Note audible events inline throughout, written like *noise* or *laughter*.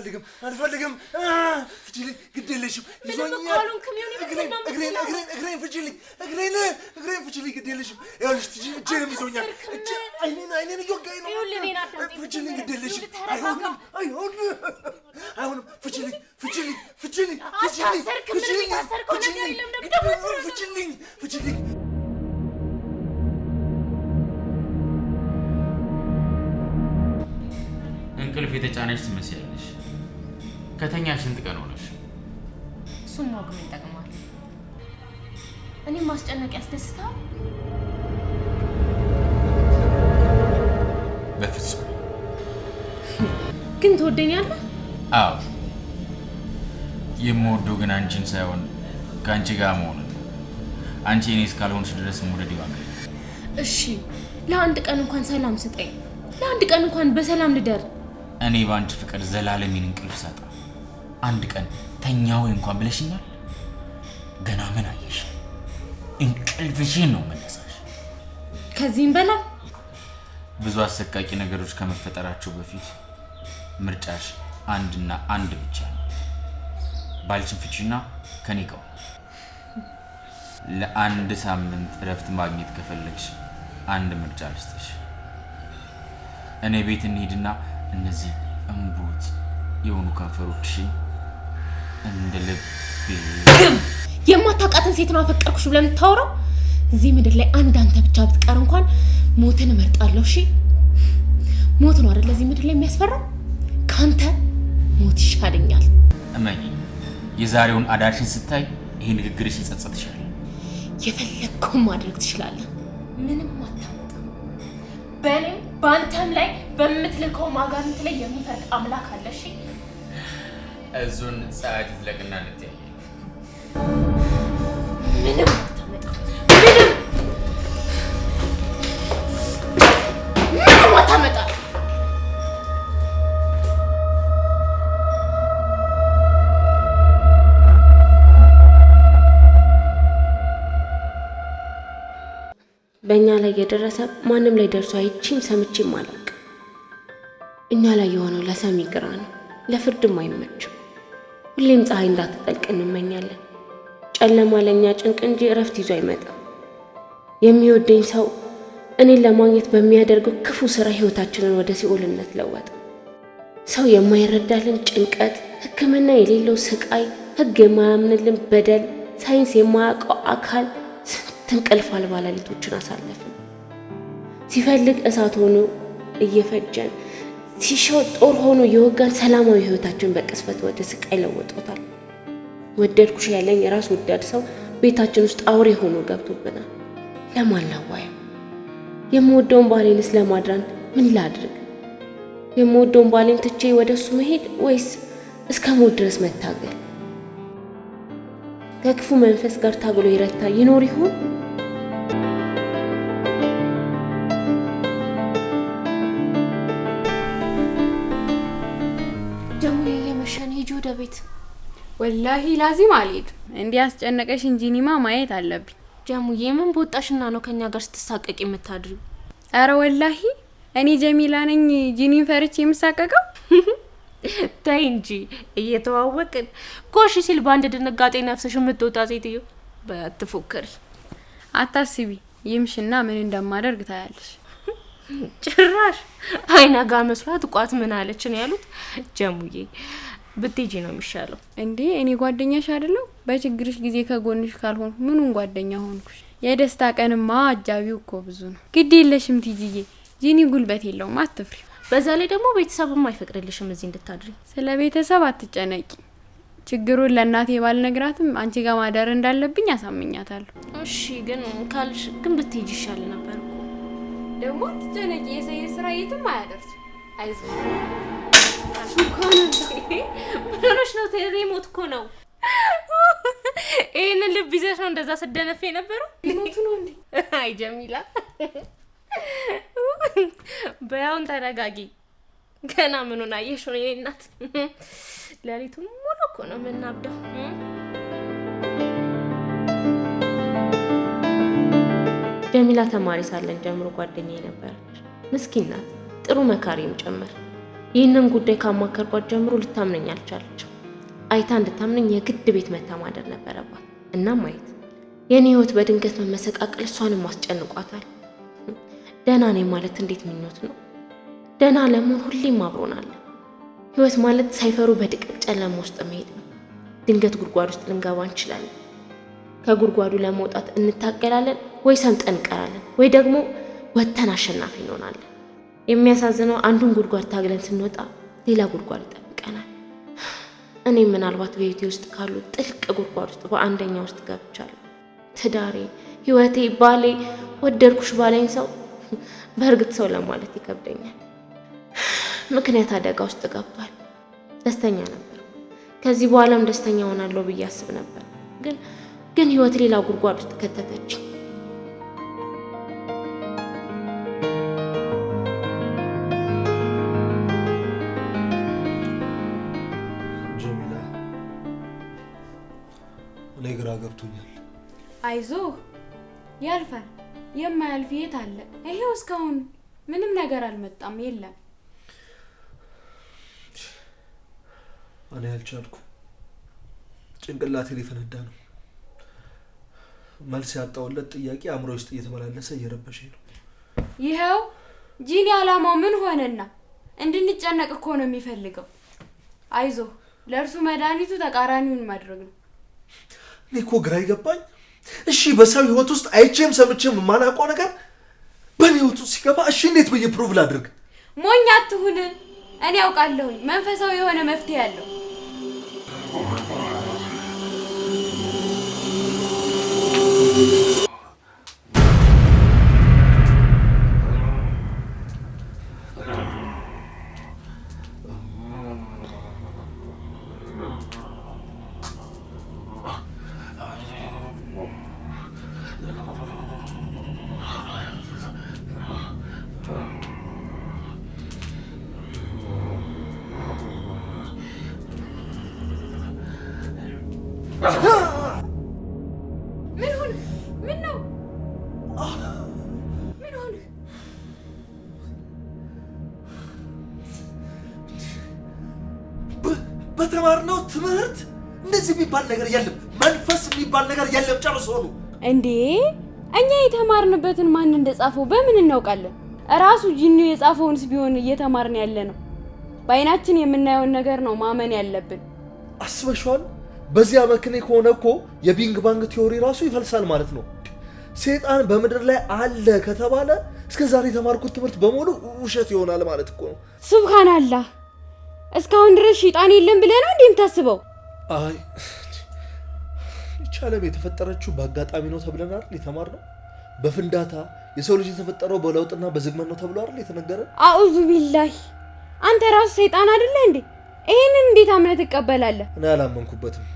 አልፈልግም፣ አልፈልግም። ፍጂልኝ፣ ግድ የለሽም። ይዞኛል። እግሬን፣ እግሬን፣ እግሬን፣ እግሬን ፍጂልኝ፣ እግሬን፣ እግሬን እግሬን እግሬን ግድ የለሽም። ይኸውልሽ፣ እጄንም ይዞኛል። እጄ አይኔን፣ አይኔን እየወጋኝ ነው። ፍጂልኝ፣ ግድ የለሽም። አይሆንም፣ አይሆንም፣ አይሆንም። ፍጂልኝ፣ ፍጂልኝ፣ ፍጂልኝ፣ ፍጂልኝ፣ ፍጂልኝ፣ ፍጂልኝ፣ ፍጂልኝ እንቅልፍ የተጫነች ትመስያለች። ከተኛ ስንት ቀን ሆነሽ? እሱን ማወቅ ምን ይጠቅማል? እኔም ማስጨነቅ ያስደስታል? በፍጹም። ግን ትወደኛለህ? አዎ፣ የምወደው ግን አንቺን ሳይሆን ከአንቺ ጋር መሆኑ ነው። አንቺ እኔ እስካልሆንሽ ድረስ መውደድ ይዋል። እሺ፣ ለአንድ ቀን እንኳን ሰላም ስጠኝ። ለአንድ ቀን እንኳን በሰላም ልደር። እኔ በአንቺ ፍቅር ዘላለሚን እንቅልፍ ሳጣ አንድ ቀን ተኛ ወይ እንኳን ብለሽኛል። ገና ምን አየሽ? እንቅልፍሽን ነው መነሳሽ። ከዚህም በላይ ብዙ አሰቃቂ ነገሮች ከመፈጠራቸው በፊት ምርጫሽ አንድና አንድ ብቻ ነው። ባልሽን ፍቺና ከኔ ጋር ለአንድ ሳምንት እረፍት ማግኘት ከፈለግሽ አንድ ምርጫ ልስጥሽ። እኔ ቤት እንሄድና እነዚህ እምቡጥ የሆኑ ከንፈሮችሽን እንደ ልቤ የማታውቃትን ሴት ነው አፈቀርኩሽ ብለህ የምታወራው። እዚህ ምድር ላይ አንድ አንተ ብቻ ብትቀር እንኳን ሞትን እመርጣለሁ። እሺ ሞት ነው አይደል? እዚህ ምድር ላይ የሚያስፈራው ከአንተ ሞት ይሻለኛል። እመኝ፣ የዛሬውን አዳርሽን ስታይ ይሄ ንግግርሽ ይጸጸትሻል። የፈለግከውን ማድረግ ትችላለህ፣ ምንም አታመጣም። በእኔም በአንተም ላይ በምትልከው ማጋንንት ላይ የሚፈርድ አምላክ አለ። እሺ እዙን ፀሐይ ትዝለቅና እንተያየ። ምንም በእኛ ላይ የደረሰ ማንም ላይ ደርሶ አይቼም ሰምቼም አላውቅም። እኛ ላይ የሆነው ለሰሚ ግራ ነው፣ ለፍርድም አይመችም። ሁሌም ፀሐይ እንዳትጠልቅ እንመኛለን። ጨለማ ለእኛ ጭንቅ እንጂ እረፍት ይዞ አይመጣም። የሚወደኝ ሰው እኔን ለማግኘት በሚያደርገው ክፉ ስራ ህይወታችንን ወደ ሲኦልነት ለወጠ። ሰው የማይረዳልን ጭንቀት፣ ሕክምና የሌለው ስቃይ፣ ህግ የማያምንልን በደል፣ ሳይንስ የማያውቀው አካል፣ ስንት እንቅልፍ አልባ ሌሊቶችን አሳለፍን። ሲፈልግ እሳት ሆኖ እየፈጀን ሲሻው ጦር ሆኖ የወጋን ሰላማዊ ህይወታችን በቅስፈት ወደ ስቃይ ለወጦታል። ወደድኩሽ ያለኝ ራስ ወዳድ ሰው ቤታችን ውስጥ አውሬ ሆኖ ገብቶብናል። ለማላዋያ የምወደውን ባሌንስ ለማድራን ምን ላድርግ? የምወደውን ባሌን ትቼ ወደ እሱ መሄድ ወይስ እስከ ሞት ድረስ መታገል? ከክፉ መንፈስ ጋር ታግሎ ይረታ ይኖር ይሆን? ቤት ወላሂ ላዚም አልሄድ። እንዲህ አስጨነቀሽ እንጂ ኒማ ማየት አለብኝ። ጀሙዬ ምን በወጣሽና ነው ከኛ ጋር ስትሳቀቅ የምታድሪ? አረ ወላሂ እኔ ጀሚላ ነኝ ጂኒን ፈርቼ የምሳቀቀው? *laughs* ተይ እንጂ እየተዋወቅን ኮሽ ሲል በአንድ ድንጋጤ ነፍስሽ የምትወጣ ሴትዮ በትፎክር አታስቢ ይምሽና ምን እንደማደርግ ታያለሽ። *laughs* ጭራሽ አይነጋ መስሏት ቋት ምን አለችን ያሉት ጀሙዬ ብትጂ ነው የሚሻለው። እንዴ እኔ ጓደኛሽ አይደለሁ? በችግርሽ ጊዜ ከጎንሽ ካልሆን ምኑን ጓደኛ ሆንኩሽ? የደስታ ቀንማ አጃቢው እኮ ብዙ ነው። ግድ የለሽም ቲጂዬ፣ ጂኒ ጉልበት የለውም፣ አትፍሪ። በዛ ላይ ደግሞ ቤተሰብም አይፈቅድልሽም እዚህ እንድታድሪ። ስለ ቤተሰብ አትጨነቂ። ችግሩን ለእናቴ ባልነግራትም አንቺ ጋር ማደር እንዳለብኝ አሳምኛታለሁ። እሺ ግን ካልሽ ግን ብትሄጂ ይሻል ነበር እኮ። ደግሞ አትጨነቂ፣ የሰየ ስራ የትም አያደርስም። አይዞ ምን ነው? ሪሞት እኮ ነው። ይህንን ልብ ይዘሽ ነው እንደዛ ስደነፍ የነበረው? ሪሞቱ ነው እንዴ? አይ ጀሚላ፣ በያውን ተረጋጊ። ገና ምኑን አየሽ? ሆነ የእኔ እናት፣ ሌሊቱን ሙሉ እኮ ነው የምናብደው። ጀሚላ ተማሪ ሳለን ጀምሮ ጓደኛ ነበረች። ምስኪን ናት፣ ጥሩ መካሪም ጭምር ይህንን ጉዳይ ካማከርኳት ጀምሮ ልታምነኝ አልቻለችም። አይታ እንድታምነኝ የግድ ቤት መታ ማደር ነበረባት። እናም አይት የኔ ህይወት በድንገት መመሰቃቀል እሷንም አስጨንቋታል። ደህና ነኝ ማለት እንዴት ምኞት ነው። ደህና ለመሆን ሁሌም አብሮናለን። ህይወት ማለት ሳይፈሩ በድቅቅ ጨለማ ውስጥ መሄድ ነው። ድንገት ጉድጓድ ውስጥ ልንገባ እንችላለን። ከጉድጓዱ ለመውጣት እንታገላለን፣ ወይ ሰምጠን እንቀራለን፣ ወይ ደግሞ ወጥተን አሸናፊ እንሆናለን። የሚያሳዝነው አንዱን ጉድጓድ ታግለን ስንወጣ ሌላ ጉድጓድ ይጠብቀናል። እኔ ምናልባት ቤቴ ውስጥ ካሉ ጥልቅ ጉድጓድ ውስጥ በአንደኛ ውስጥ ገብቻለሁ። ትዳሬ፣ ህይወቴ፣ ባሌ፣ ወደድኩሽ ባለኝ ሰው በእርግጥ ሰው ለማለት ይከብደኛል። ምክንያት አደጋ ውስጥ ገብቷል። ደስተኛ ነበር። ከዚህ በኋላም ደስተኛ ሆናለሁ ብዬ አስብ ነበር። ግን ግን ህይወት ሌላ ጉድጓድ ውስጥ ከተተች። አይዞህ ያልፋል። የማያልፍ የት አለ? ይሄው እስካሁን ምንም ነገር አልመጣም። የለም እኔ ያልቻልኩ ጭንቅላቴ ሊፈነዳ ነው። መልስ ያጣውለት ጥያቄ አእምሮ ውስጥ እየተመላለሰ እየረበሸኝ ነው። ይኸው ጂኒ አላማው ምን ሆነና እንድንጨነቅ እኮ ነው የሚፈልገው። አይዞ ለእርሱ መድኃኒቱ ተቃራኒውን ማድረግ ነው። እኔ እኮ ግራ ይገባኝ እሺ በሰው ህይወት ውስጥ አይቼም ሰምቼም የማላውቀው ነገር በእኔ ህይወት ውስጥ ሲገባ እሺ እንዴት ብዬ ፕሩቭ ላድርግ? ሞኝ አትሁን። እኔ ያውቃለሁኝ መንፈሳዊ የሆነ መፍትሄ አለው። የተማርነው ትምህርት እንደዚህ የሚባል ነገር የለም። መንፈስ የሚባል ነገር የለም። ጨርሶ ነው እንዴ? እኛ የተማርንበትን ማን እንደጻፈው በምን እናውቃለን? እራሱ ጂኒ የጻፈውንስ ቢሆን እየተማርን ያለ ነው። በአይናችን የምናየውን ነገር ነው ማመን ያለብን። አስበሽዋል? በዚያ መክኔ ከሆነ እኮ የቢንግ ባንግ ቲዎሪ ራሱ ይፈልሳል ማለት ነው። ሴጣን በምድር ላይ አለ ከተባለ እስከ ዛሬ የተማርኩት ትምህርት በሙሉ ውሸት ይሆናል ማለት እኮ ነው። ሱብሃናላህ እስካሁን ድረስ ሽጣን የለም ብለህ ነው እንዴ የምታስበው? አይ ይቺ ዓለም የተፈጠረችው በአጋጣሚ ነው ተብለን አይደል የተማርነው? በፍንዳታ የሰው ልጅ የተፈጠረው በለውጥና በዝግመት ነው ተብሎ አይደል የተነገረ? አዑዙ ቢላህ አንተ ራሱ ሰይጣን አይደለ እንዴ? ይህንን እንዴት አምነህ ትቀበላለህ? እኔ አላመንኩበትም፣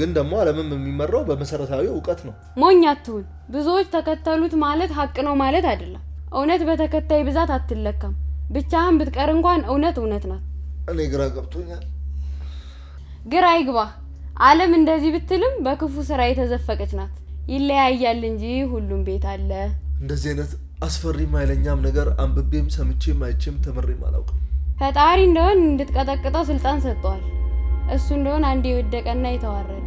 ግን ደግሞ ዓለምም የሚመራው በመሰረታዊ እውቀት ነው። ሞኝ አትሁን። ብዙዎች ተከተሉት ማለት ሀቅ ነው ማለት አይደለም። እውነት በተከታይ ብዛት አትለካም። ብቻህን ብትቀር እንኳን እውነት እውነት ናት። እኔ ግራ ገብቶኛል። ግራ ይግባ አለም እንደዚህ ብትልም በክፉ ስራ የተዘፈቀች ናት። ይለያያል እንጂ ሁሉም ቤት አለ። እንደዚህ አይነት አስፈሪም ኃይለኛም ነገር አንብቤም ሰምቼም አይቼም ተምሬም አላውቅም። ፈጣሪ እንደሆን እንድትቀጠቅጠው ስልጣን ሰጥቷል። እሱ እንደሆን አንድ የወደቀና የተዋረደ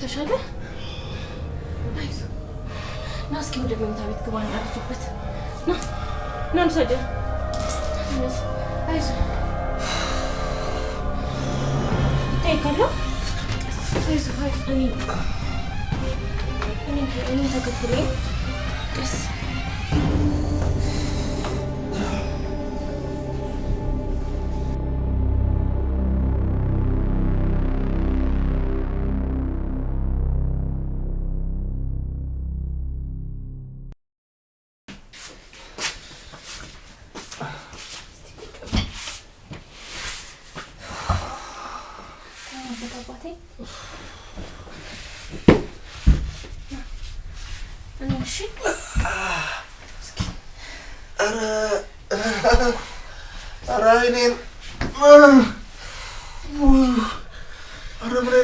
ተሻለ ና እስኪ ወደ መኝታ ቤት ግባ። እንዳትበት ና ና፣ እንውሰድህ። አይዞህ I need, I need, I need like a plate.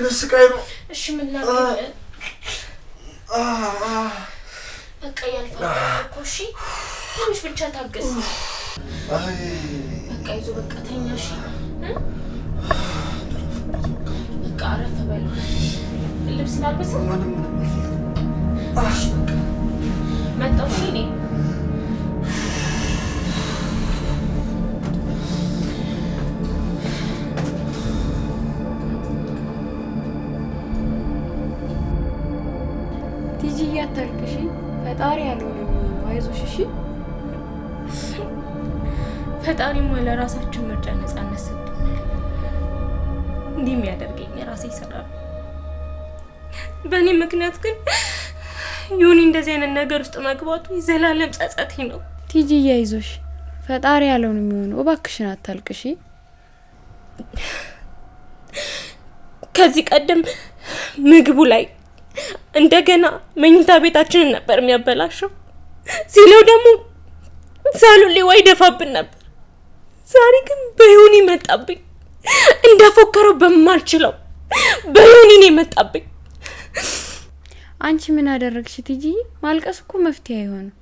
አይነት ስቃይ ነው። እሺ ምን ላድርግ? በቃ ያልፋል እኮ። እሺ ትንሽ ብቻ ታገስ። በቃ ይዞ በቃ ተኛ። እሺ በቃ አረፍ በል። ልብስ ላልበስ መጣሁ እኔ ፈጣሪ ያልሆነ የሚሆነው። አይዞሽ እሺ። ፈጣሪማ ለራሳችን ምርጫ ነጻነት እንዲህ የሚያደርገኝ የራሴ ስራ ነው። በእኔ ምክንያት ግን ይሁን እንደዚህ አይነት ነገር ውስጥ መግባቱ የዘላለም ጸጸቴ ነው። ቲጂ እያይዞሽ ፈጣሪ ያለውን የሚሆነው። እባክሽን አታልቅሺ። ከዚህ ቀደም ምግቡ ላይ እንደገና መኝታ ቤታችንን ነበር የሚያበላሸው ሲለው ደግሞ ሳሉን ሊዋ ይደፋብን ነበር። ዛሬ ግን በይሁን ይመጣብኝ እንዳፎከረው በማልችለው በይሁን እኔ መጣብኝ። አንቺ ምን አደረግሽ ትጂ? ማልቀስ እኮ መፍትሄ አይሆንም።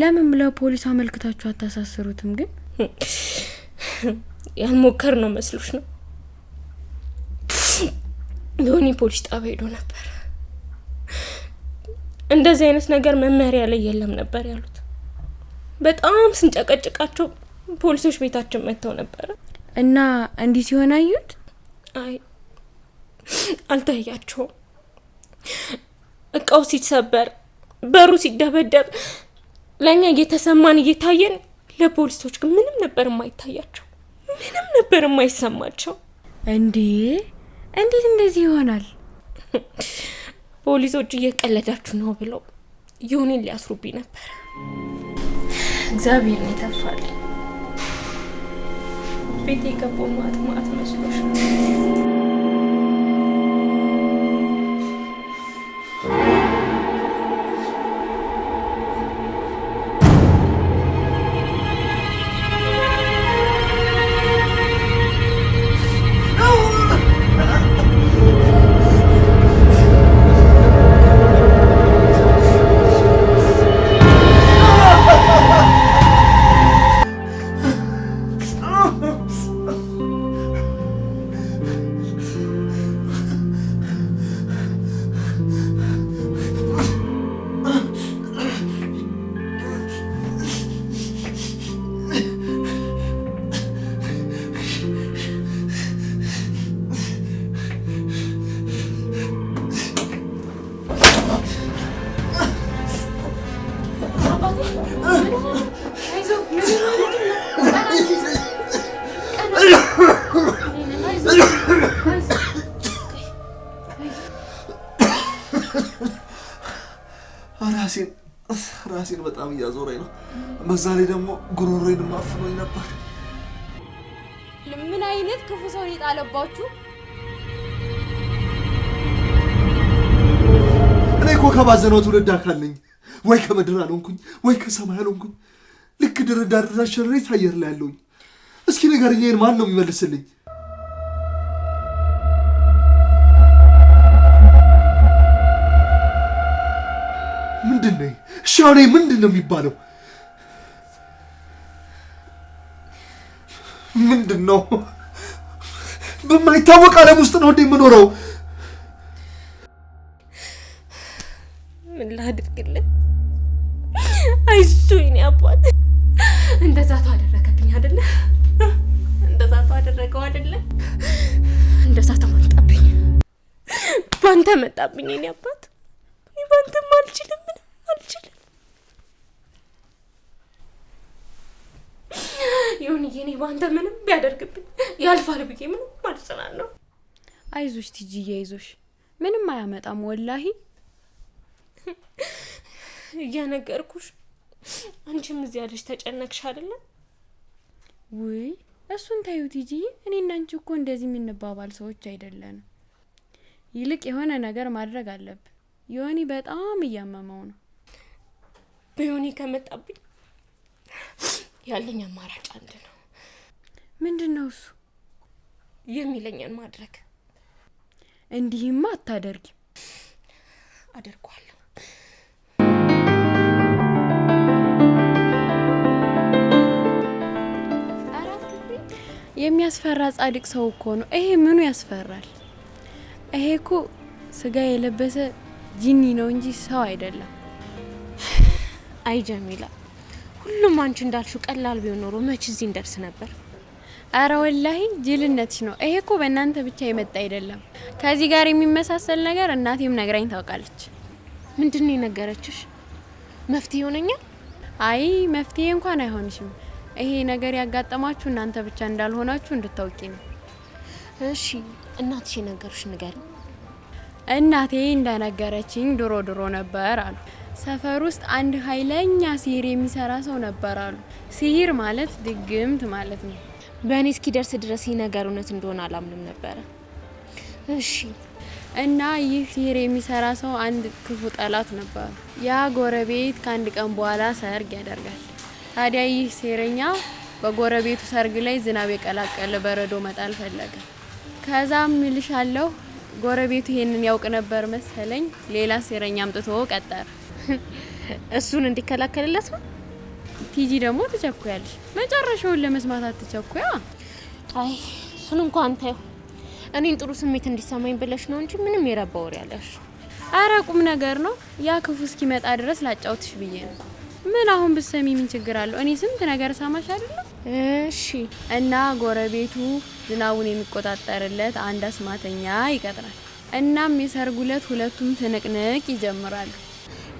ለምን ለፖሊስ አመልክታችሁ አታሳስሩትም? ግን ያልሞከር ነው መስሎች ነው። ዮኒ ፖሊስ ጣቢያ ሄዶ ነበር። እንደዚህ አይነት ነገር መመሪያ ላይ የለም ነበር ያሉት። በጣም ስንጨቀጭቃቸው ፖሊሶች ቤታችን መጥተው ነበረ እና እንዲህ ሲሆን አዩት። አይ አልታያቸውም። እቃው ሲሰበር፣ በሩ ሲደበደብ ለእኛ እየተሰማን እየታየን፣ ለፖሊሶች ግን ምንም ነበር የማይታያቸው፣ ምንም ነበር የማይሰማቸው። እንዴ! እንዴት እንደዚህ ይሆናል? *laughs* ፖሊሶች እየቀለዳችሁ ነው ብለው ይሁኔን ሊያስሩብኝ ነበር። እግዚአብሔር ይተፋል። ቤት የገባው ማት ማት መስሎሽ ላይ ደግሞ ጉሮሮዬን ማፍኖኝ ነበር። ምን አይነት ክፉ ሰው የጣለባችሁ? እኔ እኮ ከባዘነው ትውልድ አካል ነኝ። ወይ ከምድር አልሆንኩኝ፣ ወይ ከሰማይ አልሆንኩኝ። ልክ ድርዳ ሸረሪት አየር ላይ ያለውኝ። እስኪ ንገረኝ፣ ይሄን ማን ነው የሚመልስልኝ? ምንድን ነው ሻኔ? ምንድን ነው የሚባለው? ምንድን ነው? በማይታወቅ ዓለም ውስጥ ነው እንደ የምኖረው። ምን ላድርግልን? አይዞኝ አባት። እንደዛ ተው አደረገብኝ አይደለ? እንደዛ ተው አደረገው አይደለ? እንደዛ ተው መጣብኝ፣ ባንተ መጣብኝ። እኔ አባት ባንተም አልችልም፣ ምንም አልችልም። ይሁን እኔ በአንተ ምንም ቢያደርግብኝ ያልፋል ብዬ ምንም ነው። አይዞሽ ቲጂዬ አይዞሽ፣ ምንም አያመጣም ወላሂ እያነገርኩሽ። አንቺም እዚህ ያለሽ ተጨነቅሽ አይደለ? ውይ እሱን ታዩ ቲጂዬ፣ እኔ እናንቺ እኮ እንደዚህ የምንባባል ሰዎች አይደለን። ይልቅ የሆነ ነገር ማድረግ አለብን። ዮኒ በጣም እያመመው ነው። በዮኒ ከመጣብኝ ያለኝ አማራጭ አንድ ነው። ምንድን ነው እሱ? የሚለኝን ማድረግ። እንዲህማ አታደርጊም። አደርጓል የሚያስፈራ ጻድቅ ሰው እኮ ነው። ይሄ ምኑ ያስፈራል? ይሄ እኮ ስጋ የለበሰ ጂኒ ነው እንጂ ሰው አይደለም። አይ ጀሚላ ሁሉም አንቺ እንዳልሽው ቀላል ቢሆን ኖሮ መች እዚህ እንደርስ ነበር። አረ ወላሂ ጅልነትሽ ነው። ይሄ እኮ በእናንተ ብቻ የመጣ አይደለም። ከዚህ ጋር የሚመሳሰል ነገር እናቴም ነግራኝ ታውቃለች። ምንድን ነው የነገረችሽ? መፍትሄ ይሆነኛል? አይ መፍትሄ እንኳን አይሆንሽም። ይሄ ነገር ያጋጠማችሁ እናንተ ብቻ እንዳልሆናችሁ እንድታውቂ ነው። እሺ እናትሽ የነገሩሽ ንገሪ። እናቴ እንደነገረችኝ ድሮ ድሮ ነበር አሉ ሰፈር ውስጥ አንድ ኃይለኛ ሲሄር የሚሰራ ሰው ነበር አሉ። ሲሄር ማለት ድግምት ማለት ነው። በእኔ እስኪደርስ ድረስ ይህ ነገር እውነት እንደሆነ አላምንም ነበረ። እሺ እና ይህ ሲሄር የሚሰራ ሰው አንድ ክፉ ጠላት ነበሩ። ያ ጎረቤት ከአንድ ቀን በኋላ ሰርግ ያደርጋል። ታዲያ ይህ ሴረኛ በጎረቤቱ ሰርግ ላይ ዝናብ የቀላቀለ በረዶ መጣል ፈለገ። ከዛም እልሻለሁ ጎረቤቱ ይሄንን ያውቅ ነበር መሰለኝ። ሌላ ሴረኛ አምጥቶ ቀጠረ። እሱን እንዲከላከልለት ነው። ቲጂ ደግሞ ትቸኩያለሽ። መጨረሻውን ለመስማት አትቸኩያ። አይ እሱን እንኳን ታዩ። እኔን ጥሩ ስሜት እንዲሰማኝ ብለሽ ነው እንጂ ምንም የረባ ወሬ ያለሽ። አረ ቁም ነገር ነው። ያ ክፉ እስኪመጣ ድረስ ላጫውትሽ ብዬ ነው። ምን አሁን ብሰሚ ምን ችግር አለው? እኔ ስንት ነገር ሰማሽ አለ? እሺ። እና ጎረቤቱ ዝናቡን የሚቆጣጠርለት አንድ አስማተኛ ይቀጥራል። እናም የሰርጉ ዕለት ሁለቱም ትንቅንቅ ይጀምራሉ።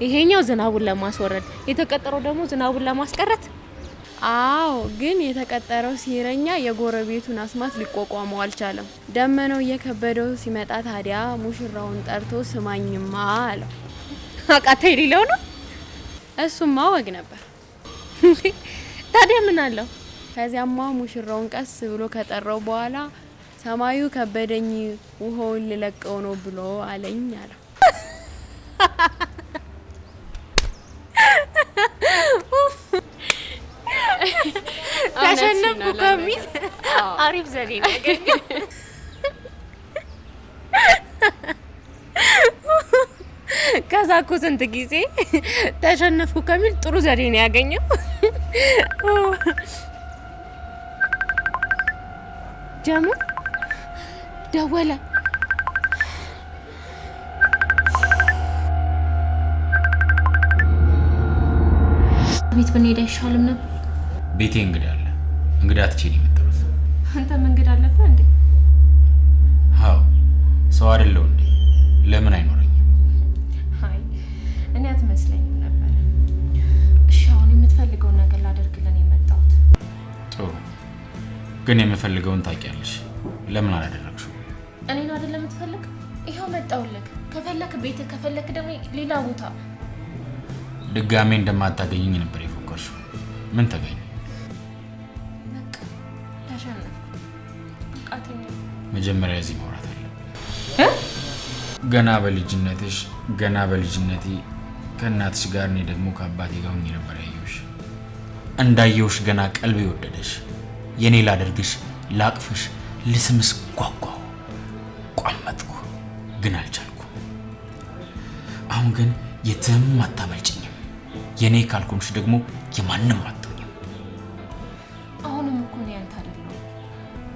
ይሄኛው ዝናቡን ለማስወረድ የተቀጠረው ደግሞ ዝናቡን ለማስቀረት። አዎ፣ ግን የተቀጠረው ሲረኛ የጎረቤቱን አስማት ሊቋቋመው አልቻለም። ደመናው እየከበደው ሲመጣ ታዲያ ሙሽራውን ጠርቶ ስማኝማ አለው። አቃታ የሌለው ነው እሱማ፣ ወግ ነበር። *laughs* ታዲያ ምን አለው? ከዚያማ ሙሽራውን ቀስ ብሎ ከጠራው በኋላ ሰማዩ ከበደኝ፣ ውሃውን ልለቀው ነው ብሎ አለኝ አለው። *laughs* ቡካ የሚል አሪፍ ዘዴ ነገር ከዛ እኮ ስንት ጊዜ ተሸነፍኩ ከሚል ጥሩ ዘዴ ነው ያገኘው። ጀሙ ደወለ። ቤት ብንሄድ አይሻልም ነበር? ቤቴ እንግዳ ትቼ ነው የመጣሁት። አንተም እንግዳ አለብህ እንዴ? አዎ ሰው አይደለሁ እንዴ? ለምን አይኖረኝም? አይ እኔ አትመስለኝም ነበር። እሺ አሁን የምትፈልገውን ነገር ላደርግለን የመጣሁት። ጥሩ ግን የምፈልገውን ታውቂያለሽ። ለምን አላደረግሽው? እኔን አይደለም የምትፈልግ? ይኸው መጣሁልህ። ከፈለክ ቤት፣ ከፈለክ ደግሞ ሌላ ቦታ። ድጋሜ እንደማታገኝኝ ነበር የፎከርሽው። ምን ተገኘ? መጀመሪያ እዚህ ማውራት አለ። ገና በልጅነትሽ ገና በልጅነቴ ከእናትሽ ጋር እኔ ደግሞ ከአባቴ ጋር ሆኜ ነበር ያየሁሽ። እንዳየሁሽ ገና ቀልብ ወደደሽ። የኔ ላደርግሽ፣ ላቅፍሽ፣ ልስምስ ጓጓሁ፣ ቋመጥኩ፣ ግን አልቻልኩ። አሁን ግን የትም አታመልጭኝም። የኔ ካልኮንሽ ደግሞ የማንም አታ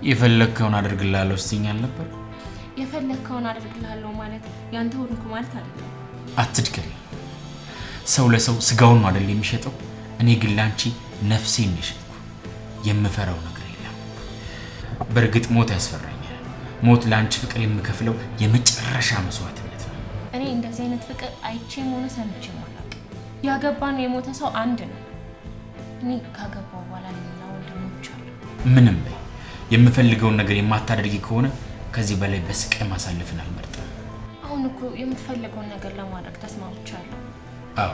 የፈለግከውን አድርግላለሁ ስትይኛል አልነበር? የፈለግከውን አድርግላለሁ ማለት ያንተ ሆንኩ ማለት አይደለም። አትድከኝ። ሰው ለሰው ስጋውን አይደል የሚሸጠው? እኔ ግን ላንቺ ነፍሴ የሚሸጥኩ የምፈራው ነገር የለም። በእርግጥ ሞት ያስፈራኛል። ሞት ለአንቺ ፍቅር የምከፍለው የመጨረሻ መስዋዕትነት ነው። እኔ እንደዚህ አይነት ፍቅር አይቼም ሆነ ማላቅ። ያገባ ነው የሞተ ሰው አንድ ነው። እኔ ካገባው በኋላ ሌላ ወንድሞች አሉ ምንም በይ የምፈልገውን ነገር የማታደርጊ ከሆነ ከዚህ በላይ በስቃይ ማሳለፍን አልመርጥም። አሁን እኮ የምትፈልገውን ነገር ለማድረግ ተስማምቻለሁ። አዎ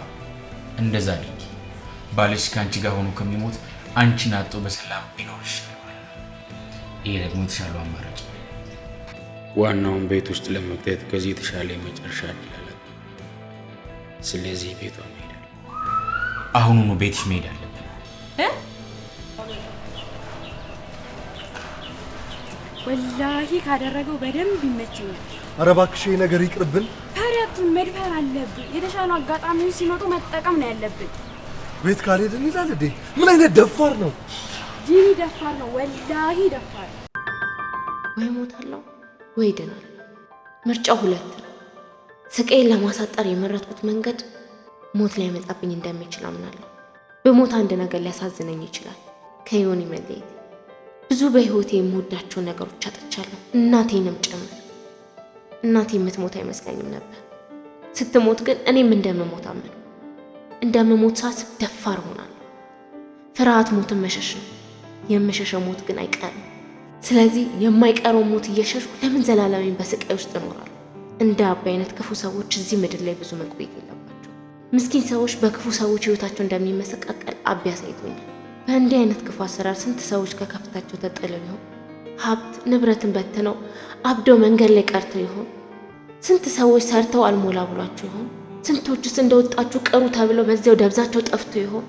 እንደዛ አድርጊ። ባልሽ ከአንቺ ጋር ሆኖ ከሚሞት አንቺን አጥቶ በሰላም ቢኖርሽ ይሄ ደግሞ የተሻለው አማራጭ። ዋናውን ቤት ውስጥ ለመቅጠት ከዚህ የተሻለ የመጨረሻ እድል። ስለዚህ ቤቷ መሄዳል። አሁኑኑ ቤትሽ መሄድ አለብን። ወላሂ ካደረገው በደንብ ይመቸኛል። ኧረ እባክሽ ነገር ይቅርብን። ታሪያቱን መድፈር አለብን። የተሻሉ አጋጣሚዎች ሲመጡ መጠቀም ነው ያለብን። ቤት ካልሄድን ይላል እንዴ! ምን አይነት ደፋር ነው ዲኒ ደፋር ነው ወላሂ ደፋር። ወይ ሞታለሁ ወይ ድናል። ምርጫው ሁለት ነው። ስቃዬን ለማሳጠር የመረጥኩት መንገድ ሞት መጣብኝ እንደሚችል አምናለሁ። በሞት አንድ ነገር ሊያሳዝነኝ ይችላል፣ ከዮኒ መለየት ብዙ በህይወቴ የምወዳቸው ነገሮች አጥቻለሁ፣ እናቴንም ጭምር። እናቴ የምትሞት አይመስለኝም ነበር። ስትሞት ግን እኔም እንደምሞት አመን እንደምሞት ሳስብ ደፋር ሆናለሁ። ፍርሃት ሞትን መሸሽ ነው፣ ሞት ግን አይቀርም። ስለዚህ የማይቀረው ሞት እየሸሹ ለምን ዘላለሜን በስቃይ ውስጥ እኖራለሁ? እንደ አባይ አይነት ክፉ ሰዎች እዚህ ምድር ላይ ብዙ መቆየት የለባቸው። ምስኪን ሰዎች በክፉ ሰዎች ህይወታቸው እንደሚመሰቃቀል አባይ አሳይቶኛል። በእንዲህ አይነት ክፉ አሰራር ስንት ሰዎች ከከ ከራሳቸው ተጥለው ይሆን? ሀብት ንብረትን በትነው አብደው መንገድ ላይ ቀርተው ይሆን? ስንት ሰዎች ሰርተው አልሞላ ብሏቸው ይሆን? ስንቶችስ እንደወጣችሁ ቀሩ ተብለው በዚያው ደብዛቸው ጠፍቶ ይሆን?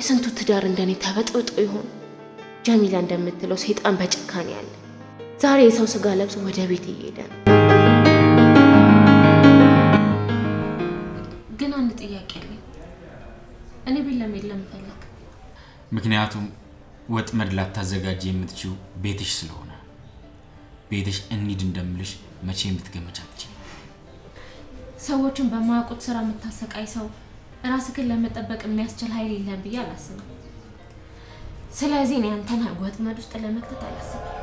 የስንቱ ትዳር እንደኔ ተበጥብጦ ይሆን? ጀሚላ እንደምትለው ሰይጣን በጭካኔ ያለ ዛሬ የሰው ስጋ ለብሶ ወደ ቤት እየሄደ ነው። ግን አንድ ጥያቄ አለኝ። እኔ ቤት ለመሄድ ምክንያቱም ወጥመድ ላታዘጋጅ የምትችው ቤትሽ ስለሆነ ቤትሽ እንሂድ እንደምልሽ መቼ የምትገመቻች ሰዎችን በማያውቁት ስራ የምታሰቃይ ሰው ራስህን ለመጠበቅ የሚያስችል ኃይል የለም ብዬ አላስብም። ስለዚህ እኔ አንተን ወጥመድ ውስጥ ለመክተት አላስብም።